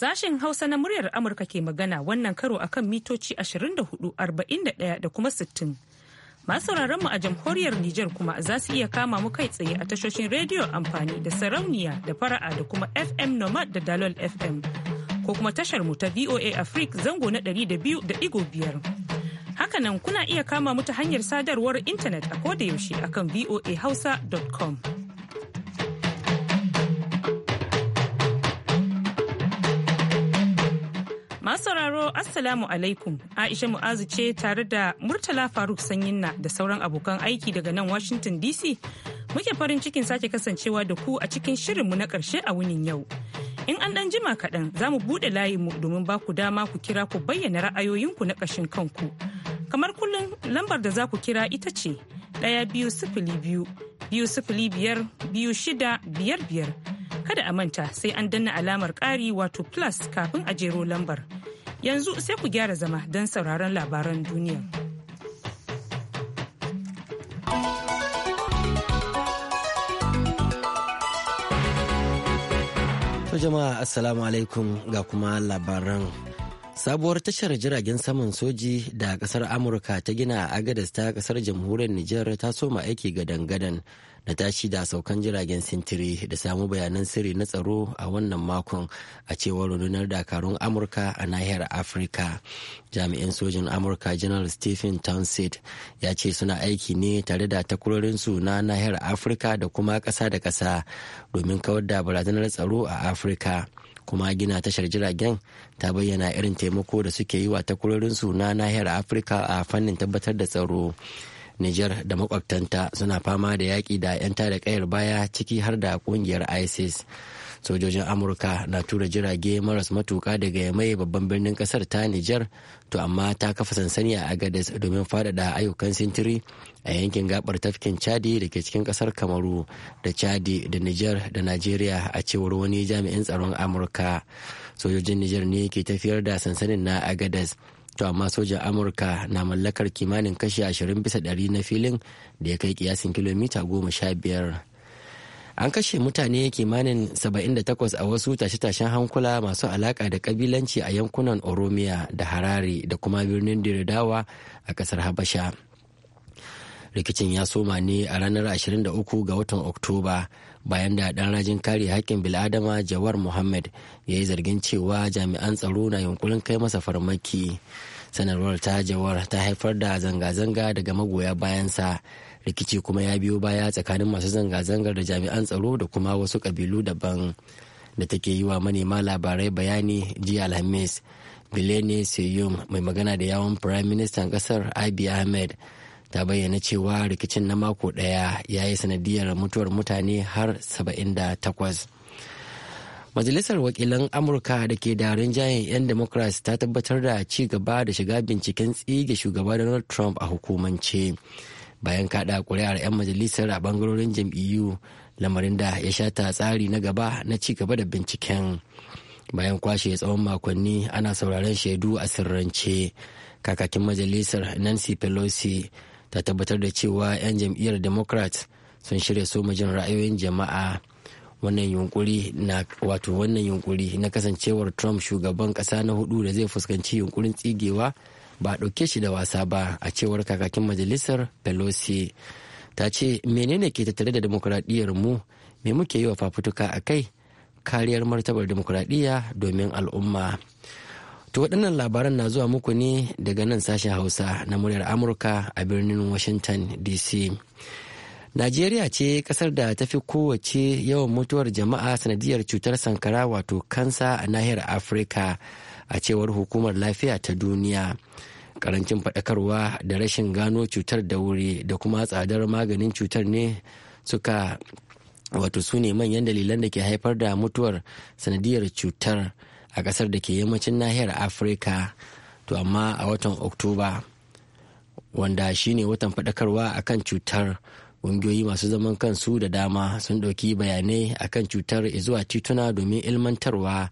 Sashen Hausa na muryar Amurka ke magana wannan karo a kan mitoci 24, 41 da kuma 60. Masu mu a jamhuriyar Nijar kuma za su iya kama mu kai tsaye a tashoshin rediyo amfani da sarauniya da fara'a da kuma FM Nomad da Dalol FM ko kuma tashar mu ta VOA Africa zango na 200.5. Hakanan kuna iya kama mu ta hanyar sadarwar intanet a kodayaushe kan voahausa.com. Masu sauraro Assalamu alaikum Aisha Mu'azu ce tare da Murtala Faruk Sanyinna da sauran abokan aiki daga nan Washington DC muke farin cikin sake kasancewa da ku a cikin shirinmu na ƙarshe a wunin yau. In an ɗan jima kaɗan za mu buɗe layinmu domin ba ku dama ku kira ku bayyana ra'ayoyinku na ƙashin kanku. Kamar kullum lambar da za ku kira ita ce ɗaya biyu sifili biyu biyu sifili biyar biyu shida biyar biyar. kada a manta sai an danna alamar ƙari wato plus kafin a jero lambar Yanzu sai ku gyara zama don sauraron labaran duniya. Ta jama'a assalamu alaikum ga kuma labaran sabuwar tashar jiragen saman soji da kasar amurka ta gina a agadas ta kasar jamhuriyar nijar ta soma aiki gadan-gadan na tashi da saukan jiragen sintiri da samu bayanan sirri na tsaro a wannan makon a cewar rundunar dakarun amurka a nahiyar afirka jami'in sojin amurka general stephen townsend ya ce suna aiki ne tare da takurorinsu na nahiyar afirka da kuma ƙasa da ƙasa domin kawar da barazanar tsaro a afirka kuma gina tashar jiragen ta bayyana irin taimako da suke yi wa takurorinsu na nahiyar afirka a fannin tabbatar da tsaro Nijar da makwabtanta suna fama da yaƙi da 'yan tada kayar baya ciki har da ƙungiyar ISIS. Sojojin Amurka na tura jirage maras matuƙa daga mai babban birnin ƙasar ta Nijar, to amma ta kafa sansani a Agadez domin faɗaɗa ayyukan sintiri a yankin gabar tafkin Chadi da ke cikin ƙasar Kamaru da Chadi da Nijar da Najeriya a cewar wani jami'in tsaron Amurka. Sojojin Nijar ne ke tafiyar da sansanin na Agadez. to amma sojan amurka na mallakar kimanin kashi ashirin bisa ɗari na filin da ya kai kiyasin kilomita goma sha biyar an kashe mutane kimanin 78 a wasu tashe-tashen hankula masu alaka da kabilanci a yankunan oromiya da harare da kuma birnin diridawa a kasar habasha rikicin ya soma ne a ranar 23 ga watan oktoba bayan da ɗan rajin kare haƙƙin bil'adama jawar muhammad ya yi zargin cewa jami'an tsaro na yunkurin kai masa farmaki sanarwar ta jawar ta haifar da zanga-zanga daga magoya bayansa rikici kuma ya biyo baya tsakanin masu zanga-zangar da jami'an tsaro da kuma wasu ƙabilu daban da take yi wa manema labarai bayani jiya alhamis bilene seyum mai magana da yawon firayim ministan kasar abiy ahmed ta bayyana cewa rikicin na mako daya ya yi sanadiyar mutuwar mutane har 78 majalisar wakilan amurka da ke da rinjayen 'yan democrats ta tabbatar da ci gaba da shiga binciken tsige shugaba donald trump a hukumance bayan kada kuri'ar 'yan majalisar a bangarorin jam'iyyu lamarin da ya shata tsari na gaba na ci gaba da binciken bayan kwashe tsawon makonni ana sauraron shaidu a sirrance kakakin majalisar nancy pelosi ta tabbatar da cewa 'yan jam'iyyar democrat sun shirya jin ra'ayoyin jama'a wannan yunkuri na wato wannan yunkuri na kasancewar trump shugaban kasa na hudu da zai fuskanci yunkurin tsigewa ba ɗauke shi da wasa ba a cewar kakakin majalisar pelosi ta ce menene ke tattare da demokuraɗiyyar mu me muke yi wa fafutuka a kai kariyar martabar demokuraɗiyya domin al'umma To waɗannan labaran na zuwa muku ne daga nan sashen Hausa na muryar Amurka a birnin Washington DC. Najeriya ce ƙasar da ta fi kowace yawan mutuwar jama'a sanadiyar cutar sankara wato kansa a nahiyar Afirka a cewar hukumar lafiya ta duniya. Karancin faɗakarwa da rashin gano cutar da wuri da kuma tsadar maganin cutar ne suka wato su ne manyan dalilan da ke haifar da mutuwar sanadiyar cutar. a kasar da ke yammacin nahiyar afirka to amma a watan oktoba wanda shine watan faɗakarwa akan cutar ƙungiyoyi masu zaman kansu da dama sun ɗauki bayanai akan cutar zuwa tituna domin ilmantarwa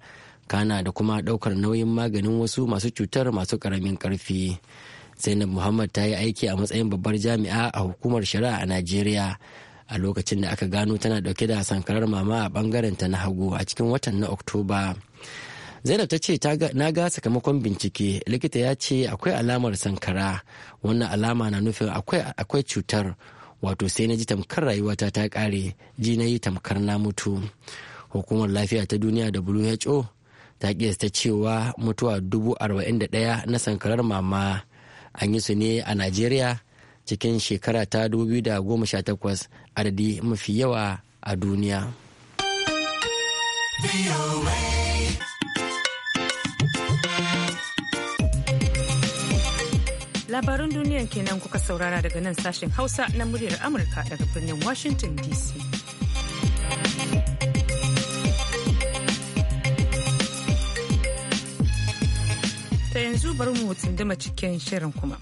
kana da kuma ɗaukar nauyin maganin wasu masu cutar masu ƙaramin ƙarfi zainab muhammad ta yi aiki a matsayin babbar jami'a a hukumar shari'a a najeriya a lokacin da aka gano tana ɗauke da sankarar mama a ɓangaren ta na hagu a cikin watan na oktoba zainab ta ce na ga sakamakon bincike likita ya ce akwai alamar sankara wannan alama na nufin akwai cutar wato sai na ji tamkar rayuwata ta kare ji na yi tamkar na mutu hukumar lafiya ta duniya who ta kiyasta cewa mutuwa dubu arba'in da ɗaya na sankarar mama an yi su ne a najeriya cikin shekara ta 2018 adadi mafi yawa a duniya. labaran duniyan kenan kuka saurara daga nan sashen hausa na muryar amurka daga birnin washington dc ta yanzu bari mu tsindima cikin shirin kuma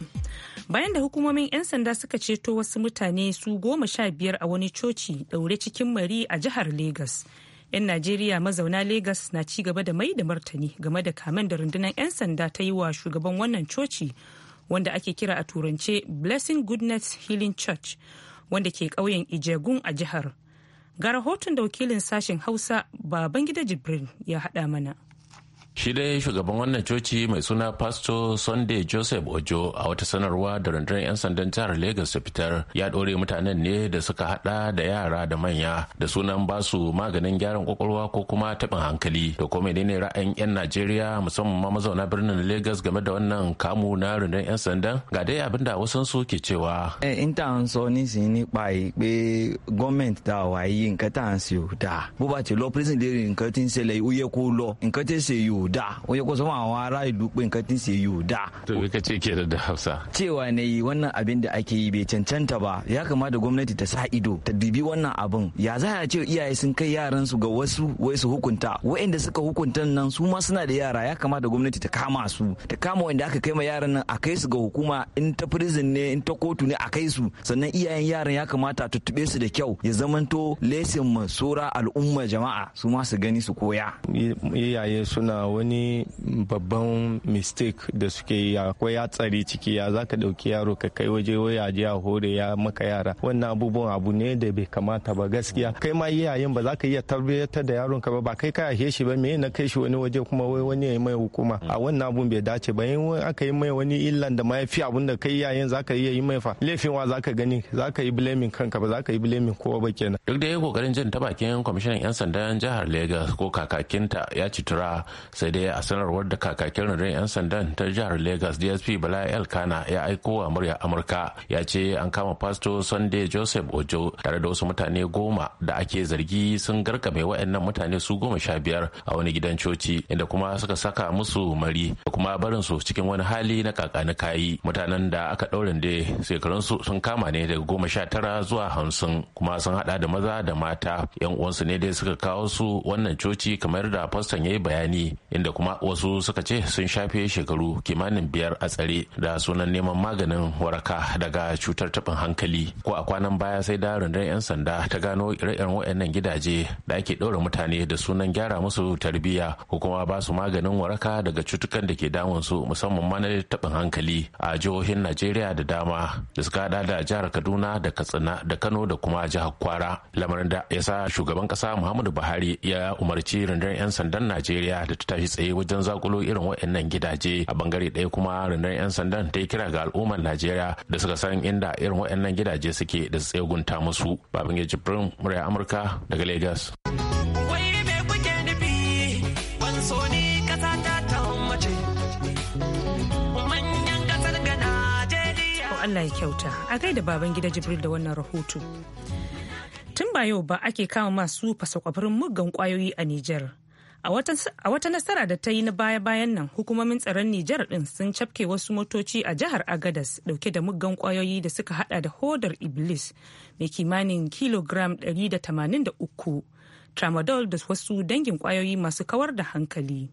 bayan da hukumomin 'yan sanda suka ceto wasu mutane su goma sha biyar a wani coci daure cikin mari a jihar lagos 'yan najeriya mazauna lagos na ci gaba da mai da martani game da kamen da rundunar 'yan sanda ta yi wa shugaban wannan coci wanda ake kira a turance blessing goodness healing church wanda ke ƙauyen ijegun a jihar ga rahoton da wakilin sashen hausa babangida jibril ya haɗa mana Shi dai shugaban wannan coci mai suna Pastor Sunday Joseph Ojo a wata sanarwa da rundunar 'yan sandan jihar Lagos ta fitar ya ɗore mutanen ne da suka hada da yara da manya da sunan basu maganin gyaran kwakwalwa ko kuma taɓin hankali da kuma ne ra'ayin 'yan Najeriya musamman ma mazauna birnin Lagos game da wannan kamu na rundunar 'yan sandan ga dai abin da wasan su ke cewa. Eh, in ta n sɔ ni nípa ni pé gọ́ọ̀mẹ̀ntì ta wà ta wa tá à ń ṣe ò bó bá ti lọ prison lè rí ti n ń uye ko lọ nǹkan tí ń Da wani ko ma wa rai dubin ka tin sai Da. to me ce ke da da Hausa cewa ne yi wannan abin da ake yi bai cancanta ba ya kamata gwamnati ta sa ido ta dubi wannan abin ya za a ce iyaye sun kai yaran su ga wasu wai su hukunta waɗanda suka hukunta nan su ma suna da yara ya kamata gwamnati ta kama su ta kama wanda aka kai ma yaran nan a kai su ga hukuma in ta prison ne in ta kotu ne a kai su sannan iyayen yaran ya kamata ta tuttube su da kyau ya zamanto lesin masora al'umma jama'a su ma su gani su koya iyaye suna wani babban mistake da suke yi akwai ya tsari ciki ya za ka ɗauki yaro ka kai waje waya je a hore ya maka yara wannan abubuwan abu ne da bai kamata ba gaskiya kai ma iyayen ba za ka iya tarbiyyar da yaron ka ba ba kai ka ashe shi ba me na kai shi wani waje kuma wai wani ya mai hukuma a wannan abun bai dace ba in aka yi mai wani illan da ma ya fi abun da kai iyayen za ka iya yi mai fa laifin wa za ka gani za ka yi blaming kanka ba za ka yi blaming kowa ba kenan duk da ya kokarin jin ta bakin kwamishinan yan sandan jihar Legas ko kakakinta ya citura sai dai a sanarwar da kakakin rundunar 'yan sandan ta jihar lagos dsp bala el kana ya aiko wa murya amurka ya ce an kama pasto sunday joseph ojo tare da wasu mutane goma da ake zargi sun garkame waɗannan mutane su goma sha biyar a wani gidan coci inda kuma suka saka musu mari da kuma barin su cikin wani hali na kakani kayi mutanen da aka ɗaurin da su sun kama ne daga goma sha tara zuwa hamsin kuma sun hada da maza da mata yan uwansu ne dai suka kawo su wannan coci kamar da faston ya yi bayani inda kuma wasu suka ce sun shafe shekaru kimanin biyar a tsare da sunan neman maganin waraka daga cutar taɓin hankali ko a kwanan baya sai da rundunar 'yan sanda ta gano ire-iren waɗannan gidaje da ake ɗaura mutane da sunan gyara musu tarbiyya ko kuma ba su maganin waraka daga cutukan da ke damun su musamman ma na taɓin hankali a jihohin najeriya da dama da suka haɗa da jihar kaduna da katsina da kano da kuma jihar kwara lamarin da ya sa shugaban ƙasa muhammadu buhari ya umarci rundunar 'yan sandan najeriya da ta tashi tsaye wajen zakulo irin waɗannan gidaje a bangare ɗaya kuma rundunar 'yan sandan ta yi kira ga al'ummar najeriya da suka san inda irin waɗannan gidaje suke da su tsegunta musu babangida jibrin murya amurka daga lagos Allah ya kyauta a da baban gida Jibril da wannan rahoto. Tun ba yau ba ake kama masu fasakwafin muggan kwayoyi a Nijar. A wata nasara da ta yi na baya-bayan nan hukumomin tsaron Nijar ɗin sun cafke wasu motoci a jihar Agadas dauke da muggan kwayoyi da suka hada da hodar Iblis mai kimanin kilogram 183, tramadol da wasu dangin kwayoyi masu kawar da hankali.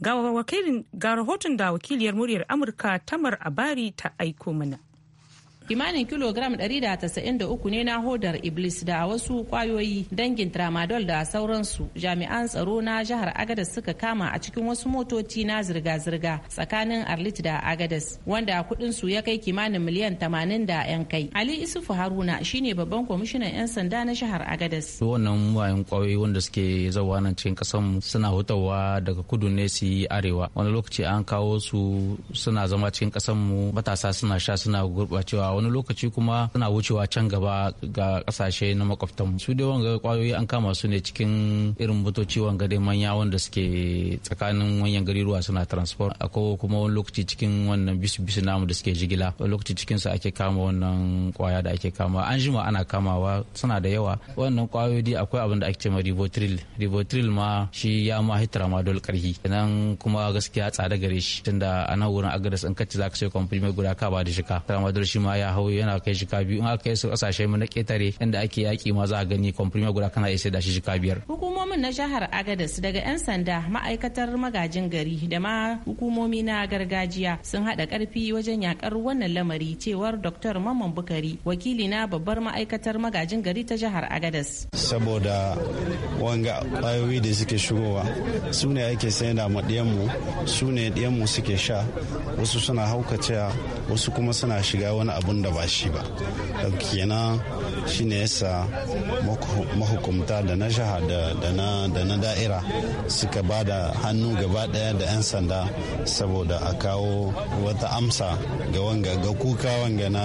Ga rahoton da wakiliyar muryar Amurka Tamar Abari ta aiko mana. kimanin kilogram 193 ne na hodar iblis da wasu kwayoyi dangin tramadol da sauransu jami'an tsaro na jihar agadas suka kama a cikin wasu motoci na zirga-zirga tsakanin arlit da agadas wanda kudin su ya kai kimanin miliyan 80 da 'yan kai ali isufu haruna shine babban kwamishinan 'yan sanda na jihar agadas wannan wayan kwayoyi wanda suke zawa nan cikin kasan suna hutawa daga kudu ne su yi arewa wani lokaci an kawo su suna zama cikin kasan mu matasa suna sha suna gurbacewa wani lokaci kuma suna wucewa can gaba ga kasashe na makwabtan su dai wanga kwayoyi an kama su ne cikin irin motoci wanga dai manya wanda suke tsakanin wanyan gari ruwa suna transport akwai kuma wani lokaci cikin wannan bisu bisu namu da suke jigila wani lokaci cikin su ake kama wannan kwaya da ake kama an jima ana kamawa suna da yawa wannan kwayoyi dai akwai abin da ake cewa ribotril ribotril ma shi ya ma hitra ma dole karhi nan kuma gaskiya tsada gare shi tunda a nan wurin agadas in kace zaka sai kwamfani mai guda ka ba da shika tramadol shi ma ya ya hau yana kai jika biyu in aka kai su kasashe mu na ketare inda ake yaki ma za a gani kwamfurma guda kana iya da shi biyar. Hukumomin na jihar agadas daga 'yan sanda ma'aikatar magajin gari da ma hukumomi na gargajiya sun haɗa karfi wajen yakar wannan lamari cewar Dr. Mamman Bukari wakili na babbar ma'aikatar magajin gari ta jihar agadas. Saboda wanga ƙwayoyi da suke shigowa su ne ake sayar da mu su ne ɗiyanmu suke sha wasu suna haukacewa wasu kuma suna shiga wani abu abin da ba shi ba kenan shine yasa mahukumta da na jiha da na da'ira suka ba da hannu gaba daya da 'yan sanda saboda a kawo wata amsa ga wanga ga kuka wanga na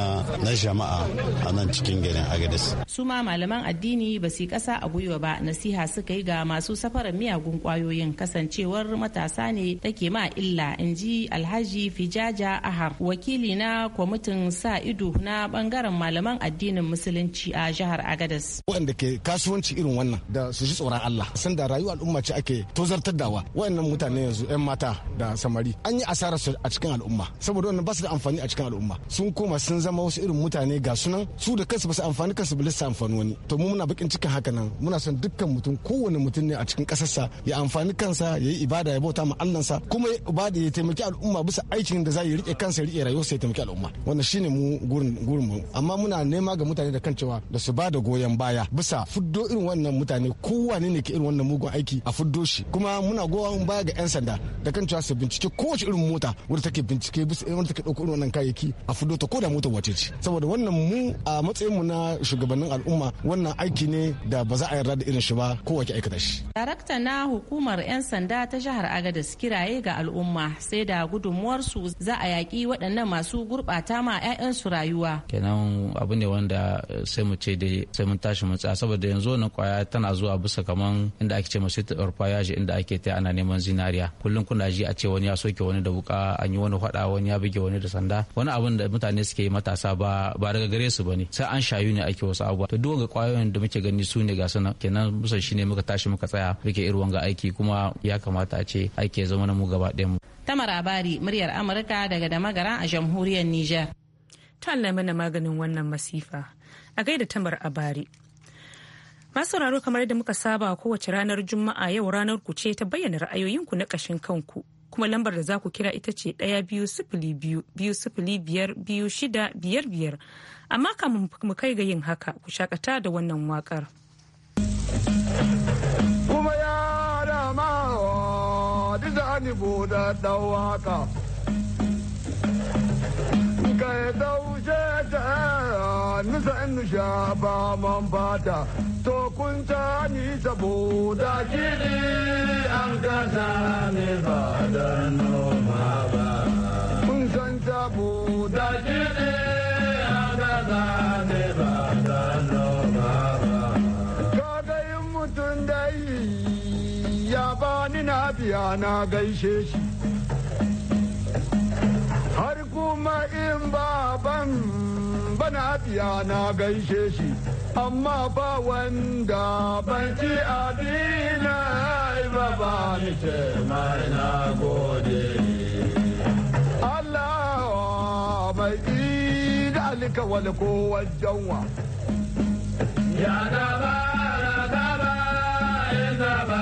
jama'a a nan cikin garin agadis su ma malaman addini ba su kasa a gwiwa ba nasiha suka yi ga masu safarar miyagun kwayoyin kasancewar matasa ne take ma illa in ji alhaji fijaja ahar wakili na kwamitin sa ido tudu na bangaren malaman addinin musulunci a jihar Agadas. Waɗanda ke kasuwanci irin wannan da su ji tsoron Allah san da rayuwar al'umma ce ake tozartar dawa waɗannan mutane yanzu 'yan mata da samari an yi asara su a cikin al'umma saboda wannan ba su da amfani a cikin al'umma sun koma sun zama wasu irin mutane ga sunan su da kansu ba su amfani kansu ba lissa amfani wani to mu muna bakin cikin haka nan muna son dukkan mutum kowane mutum ne a cikin kasarsa ya amfani kansa ya yi ibada ya bauta ma sa kuma ya ibada ya taimaki al'umma bisa aikin da za ya rike kansa ya riƙe rayuwarsa ya taimaki al'umma wannan shine mu gurin mu amma muna nema ga mutane da kan cewa da su ba da goyon baya bisa fuddo irin wannan mutane kowane ne ke irin wannan mugun aiki a fuddo shi kuma muna goyon baya ga 'yan sanda da kan cewa su bincike kowace irin mota wadda take bincike bisa irin take ɗauko irin wannan kayayyaki a fuddo ta koda mota wace ce saboda wannan mu a matsayin mu na shugabannin al'umma wannan aiki ne da ba za a yarda da irin shi ba kowace aikata shi. Darakta na hukumar 'yan sanda ta jihar Agadez kiraye ga al'umma sai da gudunmuwarsu za a yaƙi waɗannan masu gurɓata ma 'ya'yansu rayuwa kenan abu ne wanda eh, sai mu ce dai sai mun tashi mu tsaya saboda yanzu wannan kwaya tana zuwa bisa kaman inda ake ce masu tabar fayaji inda ake ta ana neman zinariya kullum kuna ji a ce wani ya soke wani da wuka an yi wani fada wani ya buge wani da sanda wani abin da mutane suke matasa ba ba daga gare su bane sai an shayu ne ake wasu abubuwa to duk ga kwayoyin da muke gani su ne ga suna kenan bisa shine muka tashi muka tsaya muke irin wanga aiki kuma ya kamata a ce aiki ya zama na mu gaba ɗayan mu Tamara Bari, muryar Amurka daga Damagara a jamhuriyar Nijar. ta Allah mana maganin wannan masifa a gaida tamar a bari masu raro kamar yadda muka saba kowace ranar juma'a yau ranar ku ce ta bayyana ra'ayoyinku na ƙashin kanku kuma lambar da za ku kira ita ce ɗaya biyu sifili biyu biyu sifili biyar biyu shida biyar biyar amma kamun mu kai ga yin haka ku shakata da wannan waƙar. kuma ya dama da zani da waka kai daushe ta nisan sha ba man fata to kun ta ni saboda kiri an gaza ne ba da noma ba kun san saboda kiri an gaza ne ba da noma ba kaga yin mutum yi ya bani na biya na gaishe shi kuma in baban bana biya na gaishe shi amma ba wanda ban ci adina ba ba ni ce mai na gode Allah mai da alika ko wajen wa ya da ba da ba ya da ba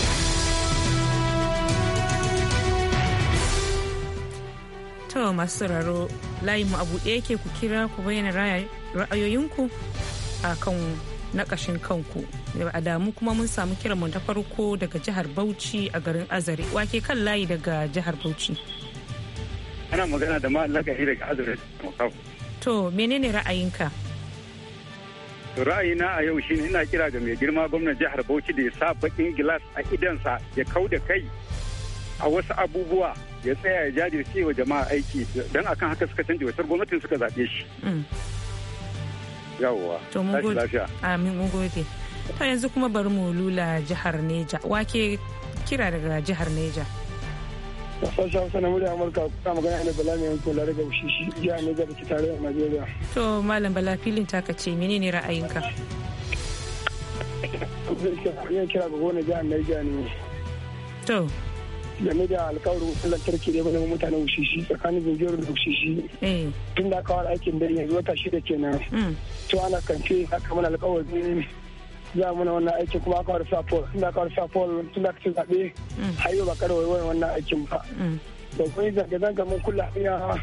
masu sauraro layin mu a buɗe yake ku kira ku bayyana ra'ayoyinku a kan na ƙashin kanku a damu kuma mun samu kiranmu ta farko daga jihar bauchi a garin azare wake kan layi daga jihar bauchi ana magana da ma'allaka daga azare to menene ra'ayinka ra'ayina a yau shine ina kira ga mai girma gwamnan jihar bauchi da ya sa bakin gilas a idansa ya kau da kai a wasu abubuwa ya tsaya ya jajirce wa jama'a aiki don akan haka suka canja wasar gwamnatin suka zaɓe shi. Mm. Yawwa. To mun gode. Amin mun gode. To yanzu kuma bari mu lula jihar Neja. Wake kira daga jihar Neja. Sashen Hausa na murya Amurka kuma magana da Bala mai yankin Lare ga shi jihar Neja da ke tare da Najeriya. To Malam Bala filin taka ce menene ra'ayinka? Zan kira ga gona jihar Neja ne. To. game da alkawarin wutar lantarki da wani mutanen wushishi tsakanin zungiyar da wushishi eh. tun da aka aikin dare yanzu wata shida kenan mm. to ana kamfe haka mana alkawarin za mu na wannan aikin kuma aka wada safol tun da aka wada safol tun da aka ci zaɓe mm. har yau ba karwai wani wannan aikin ba da mm. kuma yi zanga-zanga mun kula iya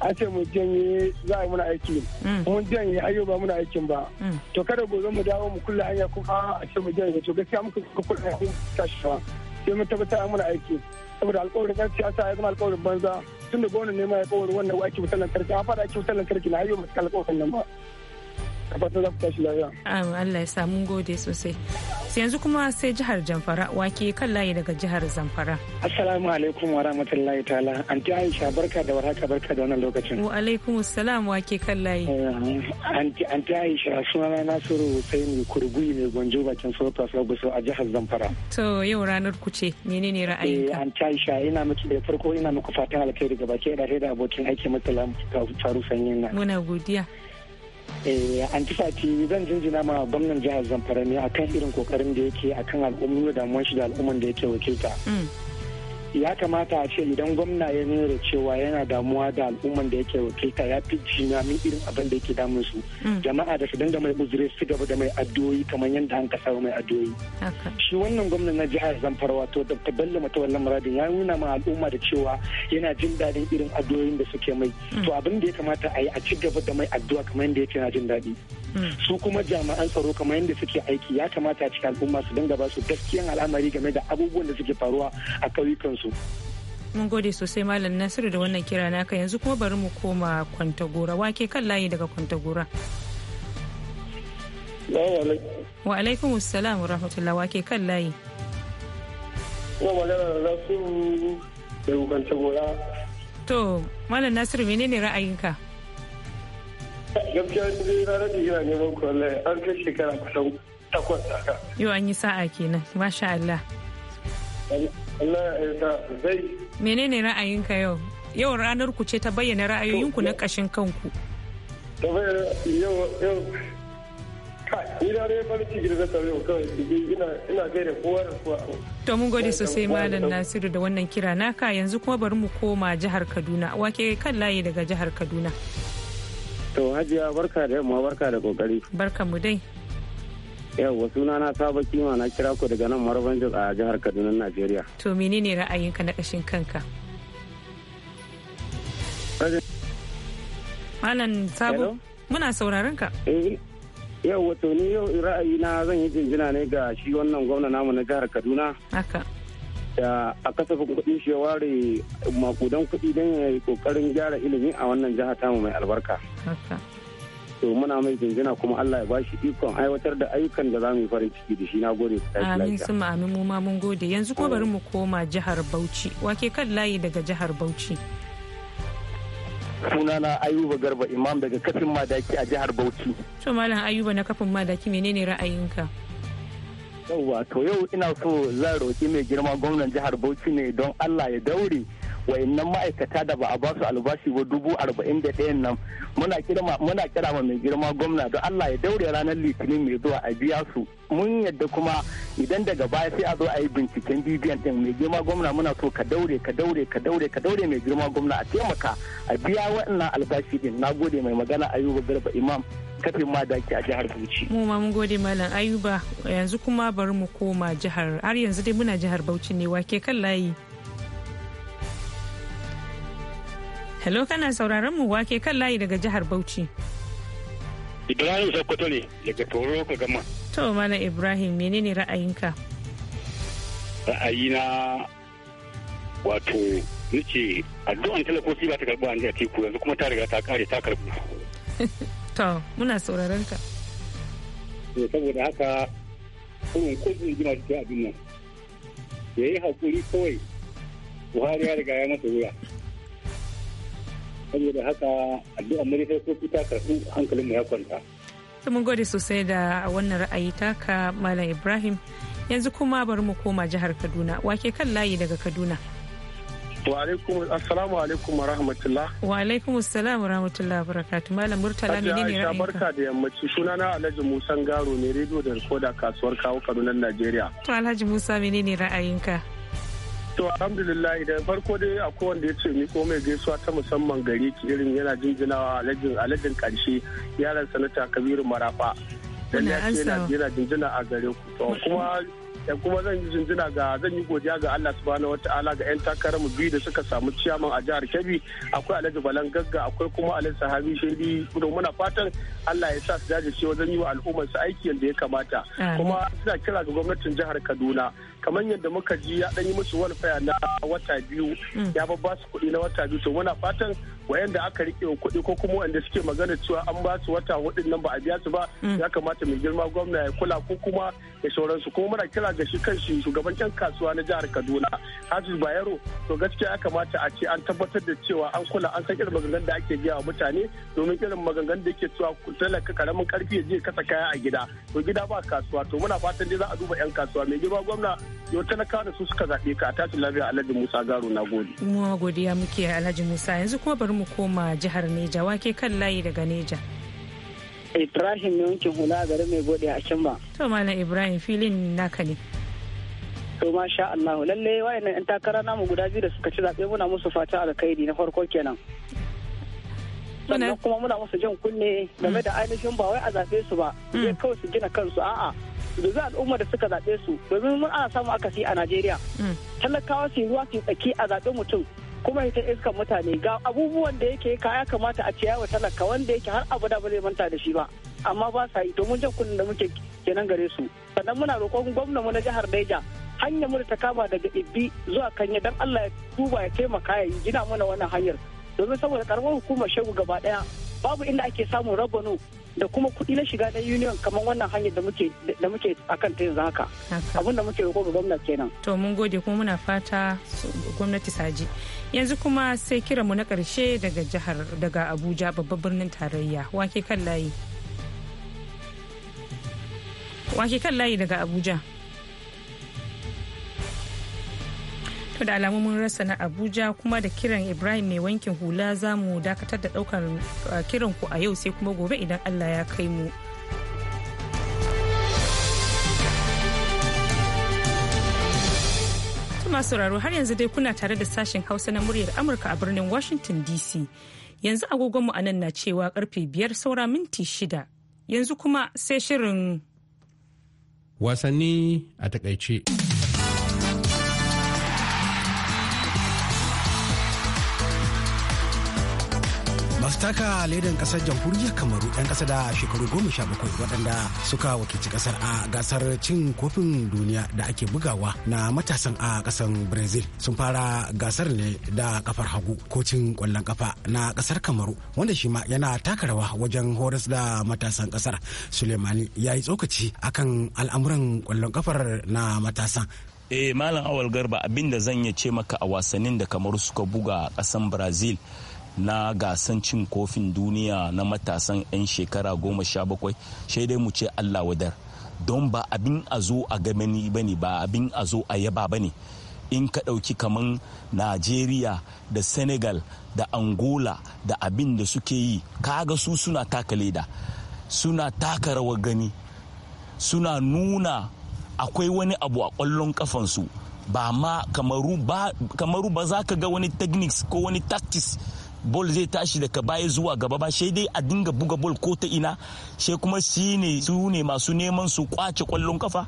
an ce mu janye za a yi muna aiki mun janye ayo ba muna aikin ba to kada gobe mu dawo mu kula hanya kuma a ce mu janye to gaskiya muka kula hanya kuma tashi ba domin tabbatar a muna aiki saboda alkawarin yan siyasa ya zama alkawarin banza tun da gwamnati ne ma ya kawar wannan aiki wutar lantarki an fara aiki wutar lantarki na hayo masu alkawarin nan ba fatan Allah ya samu gode sosai. Sai yanzu kuma sai jihar jamfara wake kan layi daga jihar Zamfara. Assalamu alaikum wa rahmatullahi ta'ala. Anti Aisha barka da warhaka barka da wannan lokacin. Wa alaikum assalam wake kan layi. Eh, anti Anti Aisha sunana Nasiru Hussein Kurgui ne Gonjo bakin Sokoto Sokoto a jihar Zamfara. To yau ranar ku ce menene ra'ayinka? Eh Anti Aisha ina miki da farko ina muku fatan alkhairi gaba ke da da abokin aiki masala faru sanyin na. Muna godiya. Eh, an sati zan jinjina ma gwamnan jihar zamfara ne akan irin kokarin da yake akan al'ummu da damuwar shi da al'umman da yake wakilta mm. ya kamata a ce idan gwamna ya nuna da cewa yana damuwa da al'umman da yake wakilta ya fi min irin abin da yake damun su mm. jama'a da su dinga mai uzure su gaba da mai addu'o'i kamar yadda an kasa mai addu'o'i shi wannan gwamna na jihar zamfara wato dr bello wannan muradin ya nuna ma al'umma da cewa yana jin daɗin irin addu'o'in da suke mai mm. to abin da ya kamata a yi a ci gaba da mai addu'a kamar yadda yake na jin daɗi. su kuma jami'an tsaro kamar yadda suke aiki ya kamata a cikin al'umma su dinga ba su gaskiyan al'amari game da abubuwan da suke faruwa a ƙauyukansu. mun gode sosai malam nasiru da wannan kira naka yanzu kuma bari mu koma kwantagora wake kan layi daga kwantagora wa alaikum assalam wa rahmatullah wake kan layi to malam nasiru menene ra'ayinka gaskiya dai na rage yana neman kwalle an kai shekara kusan takwas haka yau an yi sa'a kenan masha Allah Allah ya sa zai menene ra'ayinka yau yau ranar ku ce ta bayyana ra'ayoyinku na kashin kanku ta bayyana yau yau ni da dai farin ciki da zata yau kawai ina ina gaida kowa da kowa to mun gode sosai malam Nasiru da wannan kira naka yanzu kuma bari mu koma jihar Kaduna wake kan layi daga jihar Kaduna To Hajiya barka da yamma barka da kokari. Barka mu dai. Yawwa suna na saba kima na kira ku daga nan Maraban a jihar Kaduna Najeriya. To menene ra'ayinka na kashin kanka? Malam Sabo muna sauraron ka. Eh yau wato ni yau ra'ayi na zan yi jinjina ne ga shi wannan gwamna namu na jihar Kaduna. Haka. da a kasafin kuɗin shi ya ware makudan kuɗi don ya yi ƙoƙarin gyara ilimi a wannan jiha tamu mai albarka. to muna mai jinjina kuma Allah ya bashi ikon aiwatar da ayyukan da za mu yi farin ciki da shi na gode amin sun amin mu ma mun gode yanzu ko bari mu koma jihar Bauchi wake kan layi daga jihar Bauchi sunana Ayuba Garba imam daga kafin madaki a jihar Bauchi to malam Ayuba na kafin madaki menene ra'ayinka Yauwa to yau ina so zan roƙi mai girma gwamnan jihar Bauchi ne don Allah ya daure wayannan ma'aikata da ba a ba su albashi ba dubu arba'in da ɗayan nan muna kira ma mai girma gwamna don Allah ya daure ranar litinin mai zuwa a biya su mun yadda kuma idan daga baya sai a zo a yi binciken bibiyan ɗin mai girma gwamna muna so ka daure ka daure ka daure ka daure mai girma gwamna a taimaka a biya waɗannan albashi ɗin na gode mai magana ayuba garba imam kafin ma da a jihar Bauchi. Mu ma mun gode Malam Ayuba yanzu kuma bari mu koma jihar har yanzu dai muna jihar Bauchi ne wake kan layi. Hello kana sauraron mu wake kan layi daga jihar Bauchi. Ibrahim Sokoto ne daga Toro ka gama. To Malam Ibrahim menene ra'ayinka? Ra'ayina wato nace addu'an talakoki ba ta karɓi a teku yanzu kuma ta riga ta kare ta karɓi. to muna sauraron ka to saboda haka kurun ko zai gina cikin abin nan ya yi haƙuri kawai buhari ya riga ya masa wuya saboda haka addu'a mu sai ko fita karɓi hankalin mu ya kwanta to mun gode sosai da wannan ra'ayi taka malam ibrahim yanzu kuma bari mu koma jihar kaduna wake kan layi daga kaduna Wa assalamu alaikum wa rahmatullah. Wa alaikum assalam wa rahmatullah barakatu. Malam Murtala ne ne aisha barka da yammaci sunana Alhaji Musa Garo ne radio da rikoda kasuwar kawo kanunan Najeriya. To Alhaji Musa menene ra'ayinka? To alhamdulillah idan farko dai a wanda ya ce ni ko mai gaisuwa ta musamman gari irin yana jinjinawa alajin alhaji karshe yaran sanata Kabiru Marafa. Dan ya ce yana jinjina a gare ku. kuma da kuma zan yi jinjina ga zan yi godiya ga Allah subhanahu ta'ala ga yan takarar biyu da suka samu ciyaman a jihar Kebbi akwai Alhaji Balan Gagga akwai kuma Alhaji Sahabi Shendi don muna fatan Allah ya sa su shi wajen yi wa al'ummar su aiki yadda ya kamata kuma suna kira ga gwamnatin jihar Kaduna kamar yadda muka ji ya dan yi musu walfaya na wata biyu mm. ya babba su kuɗi na wata biyu to muna fatan wayanda aka rike kuɗi ko kuma wanda suke magana cewa an ba su wata hudun nan ba a biya su ba mm. ya kamata mai girma gwamna ya kula ko kuma ya sauransu kuma muna kira ga shi kan shi shugaban yan kasuwa na jihar Kaduna Hafiz Bayero to gaskiya ya kamata a ce an tabbatar da cewa an kula an san irin maganganun da ake biya wa mutane domin irin maganganun da ke cewa talaka karamin karfi ya je kasa kaya a gida to gida ba kasuwa to muna fatan dai za a duba yan kasuwa mai girma gwamna yau kawo da su suka zaɓe ka a tashin lafiya Alhaji Musa Garo na gode. Alhaji Musa yanzu kuma bari mu koma jihar Neja wake kan layi daga Neja. Ibrahim ne wankin hula gari mai gode a can ba. To mana Ibrahim filin naka ne. To masha Allah lalle wayannan yan takara namu guda biyu da suka ci zaɓe muna musu fata alkhairi na farko kenan. Sannan kuma muna musu jan kunne game da ainihin ba wai a zaɓe su ba. Zai mm. kawai su gina kansu a'a. da al'umma da suka zaɓe su domin mun ana samu akasi a Najeriya. Mm. Talakawa su yi ruwa su tsaki a zaɓe mutum kuma ita iskan mutane ga abubuwan da yake ka ya kamata a ciyawa talaka wanda yake har da ba zai manta da shi ba amma ba sa yi domin jan kunnen da muke kenan gare su sannan muna roƙon gwamnati na jihar Niger hanyar mu ta kama daga Ibbi zuwa Kanya dan Allah ya duba ya taimaka ya gina mana wannan hanyar domin saboda karamar hukumar shehu gaba daya babu inda ake samun rabano da kuma kuɗi na shiga na union kamar wannan hanyar da muke da muke akan ta yanzu haka abinda muke roƙo ga gwamna kenan to mun gode kuma muna fata gwamnati saji yanzu kuma sai mu na ƙarshe daga jihar daga Abuja babban birnin tarayya wake kan layi wake kan layi daga Abuja To da alamu mun rasa na Abuja kuma da kiran Ibrahim mai wankin hula za mu dakatar da daukar uh, kiran ku a yau sai kuma gobe idan Allah ya kai mu. masu sauraro har yanzu dai kuna tare da sashen hausa na muryar amurka a birnin washington dc yanzu agogonmu a nan na cewa karfe biyar saura minti shida yanzu kuma sai shirin wasanni a takaice. taka ledan kasar jamhuriyar kamaru yan kasa da shekaru goma sha bakwai waɗanda suka wakilci kasar a gasar cin kofin duniya da ake bugawa na matasan a kasar brazil sun fara gasar ne da kafar hagu ko cin kwallon kafa na kasar kamaru wanda shi ma yana taka rawa wajen horas da matasan kasar sulemani ya yi tsokaci akan al'amuran kwallon kafar na matasan eh malam awal garba abinda zan ya ce maka a wasannin da kamaru suka buga a kasan brazil na gasan cin kofin duniya na matasan 'yan shekara goma sha bakwai shaidai mu ce allah wadar don ba abin a zo a ni ba ne ba abin a zo a yaba ba ne in ka ɗauki kaman najeriya da senegal da angola da abin da suke yi kaga su suna taka leda suna taka rawar gani suna nuna akwai wani abu a ƙwallon kafansu ba ma kamaru ba za ka ga wani techniques ko wani tactics bol zai tashi daga baya zuwa gaba ba sai dai a dinga buga bol ko ta ina sai kuma shine su ne masu neman su kwace kwallon kafa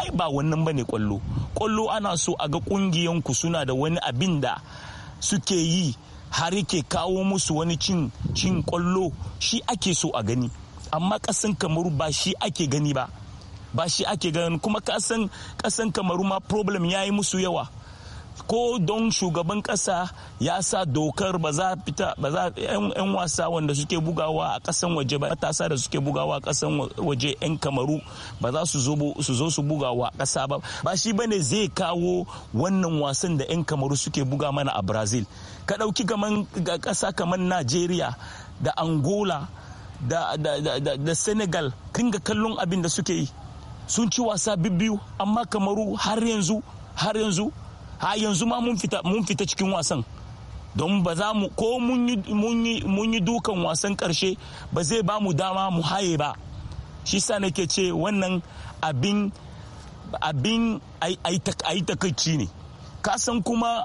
ai ba wannan bane kwallo kwallo ana so a ga ku suna da wani abin da suke yi har yake kawo musu wani cin cin kwallo shi ake so a gani amma kasan kamaru ba shi ake gani ba ba shi ake gani kuma kasan kasan kamaru ma problem ya yi musu yawa ko don shugaban kasa ya sa dokar ba za fita ba za yan wasa wanda suke bugawa a kasan waje ba matasa da suke bugawa a kasan waje yan kamaru ba za su zo su bugawa a kasa ba ba shi bane zai kawo wannan wasan da yan kamaru suke buga mana a brazil ka dauki kaman kasa kaman nigeria da angola da, da, da, da senegal kinga kallon abin da suke yi sun ci wasa bibbiyu amma kamaru har yanzu har yanzu ha yanzu ma mun fita cikin wasan don ba za mu ko mun yi dukan wasan karshe ba zai ba mu dama mu haye ba shi sa nake ce wannan abin abin yi takaici ne kasan kuma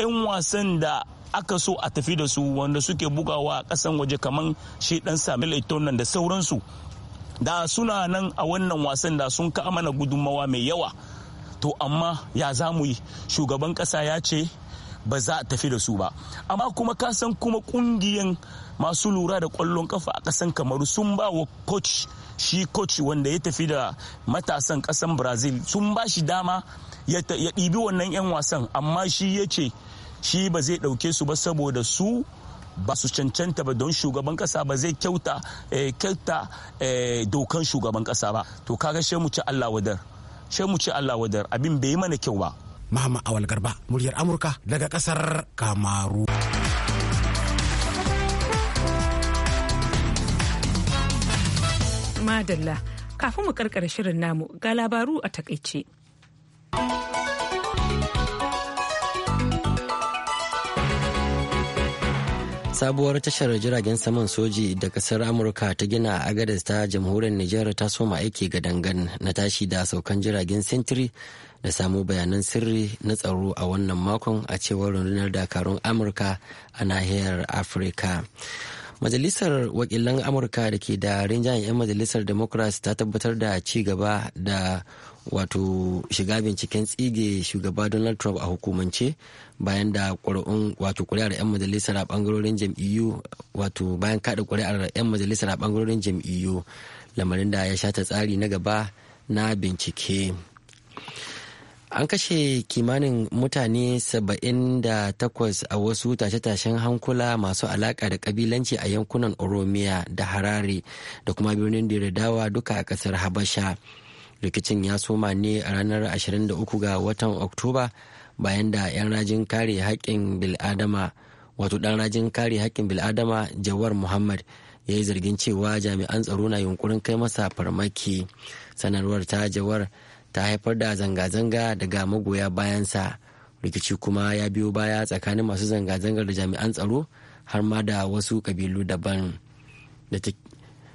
'yan wasan da aka so a tafi da su wanda suke bugawa a kasan waje kamar shi dan samil nan da sauransu da suna nan a wannan wasan da sun ka mana gudunmawa mai yawa to amma ya za mu yi shugaban kasa ya ce ba za a tafi da su ba amma kuma ka san kuma ƙungiyan masu lura da ƙwallon kafa a ƙasan kamaru sun ba wa coach shi coach wanda ya tafi da matasan ƙasan brazil sun ba shi dama ya ɗibi wannan 'yan wasan amma shi ya ce shi ba zai ɗauke su ba saboda su ba su cancanta ba don shugaban kasa ba zai kyauta eh, kyauta eh, dokan shugaban kasa ba to kaga mu ci Allah wadar sai mu ce Allah wadar abin bai yi mana kyau ba Mahama Awal Garba muryar Amurka daga kasar Kamaru Madalla kafin mu karkara shirin namu ga labaru a takaice. sabuwar tashar jiragen saman soji da kasar amurka ta gina a agadas ta jamhuriyar nijar ta soma aiki ga dangan na tashi da saukan jiragen sintiri da samu bayanan sirri na tsaro a wannan makon a cewar rundunar dakarun amurka a nahiyar afirka majalisar wakilan amurka da ke da rinjayen 'yan majalisar democrats ta tabbatar da ci gaba da wato shiga binciken tsige shugaba donald trump a hukumance bayan da ƙuri'un wato ƙuri'ar 'yan majalisar a ɓangarorin jam'iyyu wato bayan kaɗa ƙuri'ar 'yan majalisar a ɓangarorin jam'iyyu lamarin da ya shata tsari na gaba na bincike an kashe kimanin mutane 78 a wasu tashe-tashen hankula masu alaka da ƙabilanci a yankunan oromiya da harare da kuma birnin diridawa duka a ƙasar habasha rikicin ya soma ne a ranar 23 ga watan oktoba bayan da 'yan rajin kare haƙƙin bil'adama wato ɗan rajin kare haƙƙin bil'adama jawar muhammad ya yi zargin cewa jami'an tsaro na yunkurin kai masa farmaki sanarwar ta jawar ta haifar da zanga-zanga daga magoya bayansa rikici kuma ya biyo baya tsakanin masu zanga-zangar da jami'an tsaro har ma da wasu kabilu daban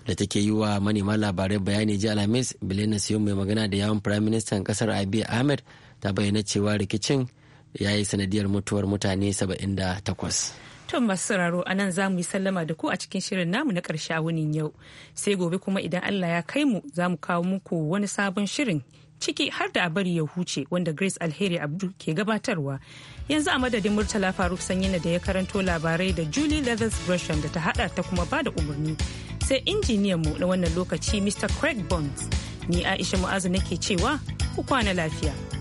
da take yi wa manema labarai bayani ji alhamis bilina siyo mai magana da yawon firaministan kasar abiy ahmed ta bayyana cewa rikicin ya yi sanadiyar mutuwar mutane saba'in 78 To masu sauraro a nan za mu yi sallama da ku a cikin shirin namu na karshe a wunin yau. Sai gobe kuma idan Allah ya kai mu za mu kawo muku wani sabon shirin ciki har da a bari ya huce wanda grace alheri abdu ke gabatarwa yanzu a madadin murtala faruk sanyina da ya karanto labarai da julie leathers version da ta hada ta kuma bada umarni sai injiniyanmu na wannan lokaci Mr. Craig Bonds. Ni Aisha Mu'azu nake cewa ku kwana lafiya.